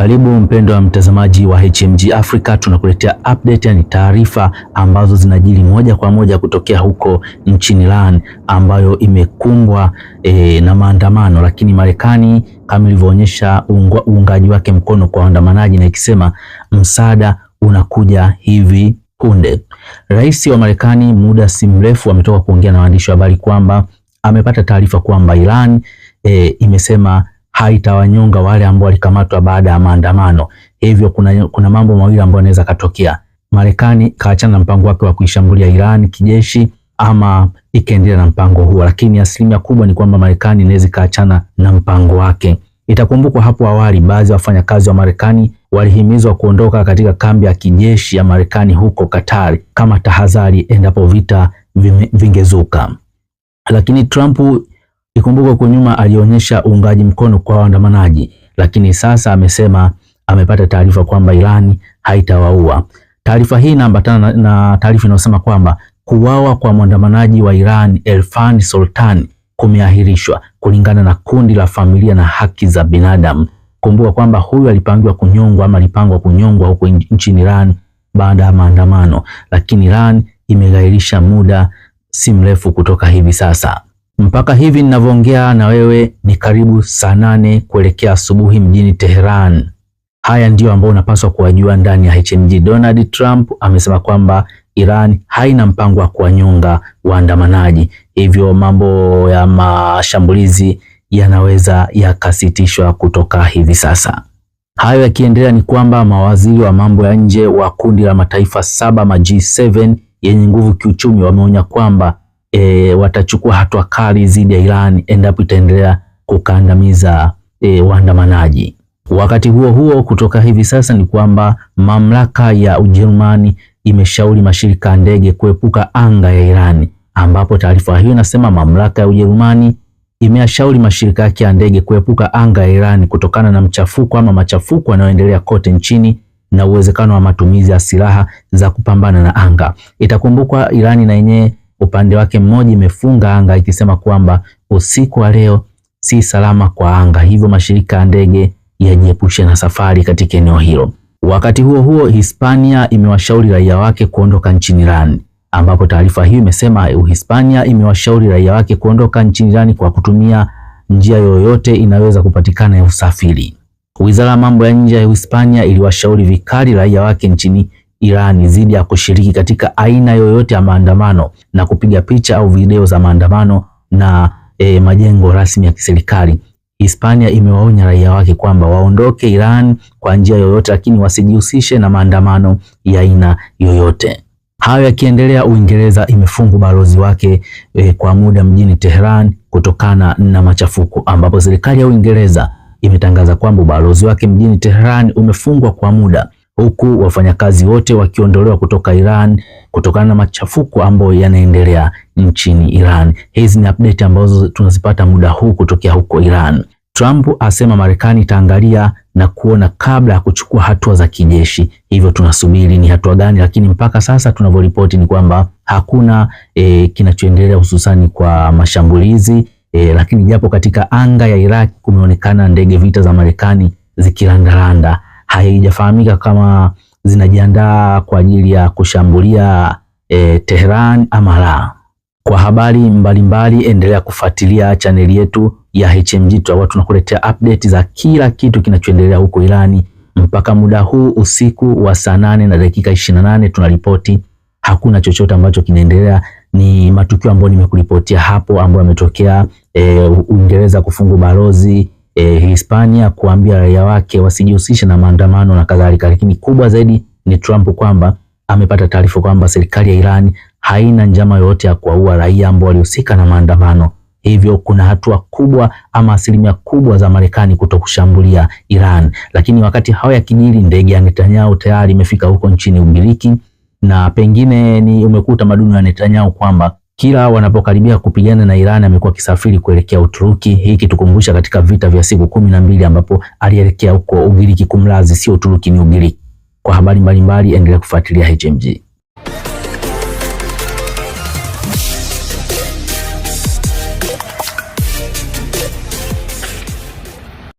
Karibu mpendo wa mtazamaji wa HMG Africa, tunakuletea update, yani taarifa ambazo zinajiri moja kwa moja kutokea huko nchini Iran ambayo imekumbwa e, na maandamano, lakini Marekani kama ilivyoonyesha uungaji wake mkono kwa waandamanaji na ikisema msaada unakuja hivi punde. Rais wa Marekani muda si mrefu ametoka kuongea na waandishi wa habari kwamba amepata taarifa kwamba Iran e, imesema haitawanyonga wale ambao walikamatwa baada ya maandamano. Hivyo kuna, kuna mambo mawili ambayo yanaweza katokea. Marekani kaachana na mpango wake wa kuishambulia Iran kijeshi ama ikaendelea na mpango huo, lakini asilimia kubwa ni kwamba Marekani inaweza ikaachana na mpango wake. Itakumbukwa hapo awali baadhi ya wafanyakazi wa Marekani walihimizwa kuondoka katika kambi ya kijeshi ya Marekani huko Katari kama tahadhari endapo vita vingezuka. Lakini Trump ikumbuko huko nyuma alionyesha uungaji mkono kwa waandamanaji, lakini sasa amesema amepata taarifa kwamba Iran haitawaua. Taarifa hii inaambatana na taarifa inayosema kwamba kuwawa kwa mwandamanaji wa Iran Elfan Soltani kumeahirishwa kulingana na kundi la familia na haki za binadamu. Kumbuka kwamba huyu alipangiwa kunyongwa ama alipangwa kunyongwa huko nchini Iran baada ya maandamano, lakini Iran imeghairisha muda si mrefu kutoka hivi sasa. Mpaka hivi ninavyoongea na wewe ni karibu saa nane kuelekea asubuhi mjini Teheran. Haya ndiyo ambayo unapaswa kuwajua ndani ya HMG. Donald Trump amesema kwamba Iran haina mpango wa kuwanyonga waandamanaji, hivyo mambo ya mashambulizi yanaweza yakasitishwa kutoka hivi sasa. Hayo yakiendelea, ni kwamba mawaziri wa mambo ya nje wa kundi la mataifa saba ma G7 yenye nguvu kiuchumi wameonya kwamba e, watachukua hatua kali dhidi ya Iran endapo itaendelea kukandamiza e, waandamanaji. Wakati huo huo, kutoka hivi sasa ni kwamba mamlaka ya Ujerumani imeshauri mashirika ya ndege kuepuka anga ya Iran, ambapo taarifa hiyo inasema mamlaka ya Ujerumani imeyashauri mashirika yake ya ndege kuepuka anga ya Iran kutokana na mchafuko ama machafuko yanayoendelea kote nchini na uwezekano wa matumizi ya silaha za kupambana na anga. Itakumbukwa Iran na yenyewe upande wake mmoja imefunga anga ikisema kwamba usiku wa leo si salama kwa anga, hivyo mashirika ya ndege yajiepushe na safari katika eneo hilo. Wakati huo huo, Hispania imewashauri raia wake kuondoka nchini Iran, ambapo taarifa hiyo imesema Uhispania imewashauri raia wake kuondoka nchini Iran kwa kutumia njia yoyote inaweza kupatikana ya usafiri. Wizara ya mambo ya nje ya Uhispania iliwashauri vikali raia wake nchini Irani dhidi ya kushiriki katika aina yoyote ya maandamano na kupiga picha au video za maandamano na e, majengo rasmi ya kiserikali. Hispania imewaonya raia wake kwamba waondoke Iran kwa njia yoyote, lakini wasijihusishe na maandamano ya aina yoyote. Hayo yakiendelea, Uingereza imefunga balozi wake e, kwa muda mjini Tehran kutokana na machafuko, ambapo serikali ya Uingereza imetangaza kwamba ubalozi wake mjini Tehran umefungwa kwa muda huku wafanyakazi wote wakiondolewa kutoka Iran kutokana na machafuko ambayo yanaendelea nchini Iran. Hizi ni update ambazo tunazipata muda huu kutokea huko Iran. Trump asema Marekani itaangalia na kuona kabla ya kuchukua hatua za kijeshi. Hivyo tunasubiri ni hatua gani, lakini mpaka sasa tunavyoripoti ni kwamba hakuna e, kinachoendelea hususani kwa mashambulizi e, lakini japo katika anga ya Iraq kumeonekana ndege vita za Marekani zikirandaranda haijafahamika kama zinajiandaa kwa ajili ya kushambulia e, eh, Tehran ama la. Kwa habari mbalimbali mbali, endelea kufuatilia chaneli yetu ya HMG Tower, tunakuletea update za kila kitu kinachoendelea huko Irani. Mpaka muda huu usiku wa saa nane na dakika 28 na tunaripoti, hakuna chochote ambacho kinaendelea. Ni matukio ambayo nimekuripotia hapo ambayo yametokea e, Uingereza kufunga balozi e, Hispania kuambia raia wake wasijihusishe na maandamano na kadhalika, lakini kubwa zaidi ni Trump kwamba amepata taarifa kwamba serikali ya Iran haina njama yoyote ya kuwaua raia ambao walihusika na maandamano. Hivyo kuna hatua kubwa ama asilimia kubwa za Marekani kutokushambulia Iran. Lakini wakati hao yakijiri, ndege ya Netanyahu tayari imefika huko nchini Ugiriki, na pengine ni umekuta utamaduni ya Netanyahu kwamba kila wanapokaribia kupigana na Iran amekuwa akisafiri kuelekea Uturuki. Hii kitukumbusha katika vita vya siku kumi na mbili ambapo alielekea huko Ugiriki kumlazi, sio Uturuki, ni Ugiriki. Kwa habari mbalimbali endelea kufuatilia HMG.